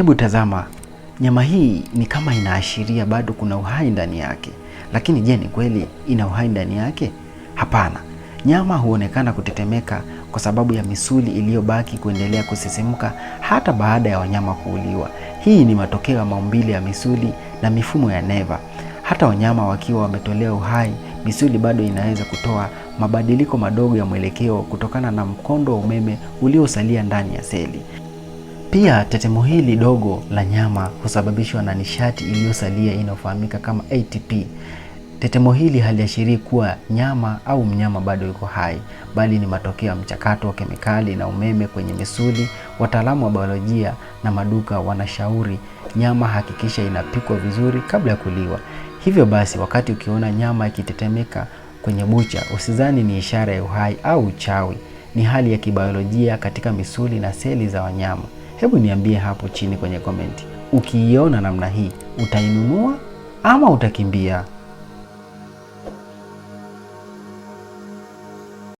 Hebu tazama, nyama hii ni kama inaashiria bado kuna uhai ndani yake. Lakini je, ni kweli ina uhai ndani yake? Hapana. Nyama huonekana kutetemeka kwa sababu ya misuli iliyobaki kuendelea kusisimka hata baada ya wanyama kuuliwa. Hii ni matokeo ya maumbile ya misuli na mifumo ya neva. Hata wanyama wakiwa wametolewa uhai, misuli bado inaweza kutoa mabadiliko madogo ya mwelekeo kutokana na mkondo wa umeme uliosalia ndani ya seli. Pia tetemo hili dogo la nyama husababishwa na nishati iliyosalia inayofahamika kama ATP. Tetemo hili haliashirii kuwa nyama au mnyama bado yuko hai, bali ni matokeo ya mchakato wa kemikali na umeme kwenye misuli. Wataalamu wa biolojia na maduka wanashauri nyama hakikisha inapikwa vizuri kabla ya kuliwa. Hivyo basi, wakati ukiona nyama ikitetemeka kwenye bucha, usizani ni ishara ya uhai au uchawi. Ni hali ya kibiolojia katika misuli na seli za wanyama. Hebu niambie hapo chini kwenye komenti, ukiiona namna hii utainunua ama utakimbia?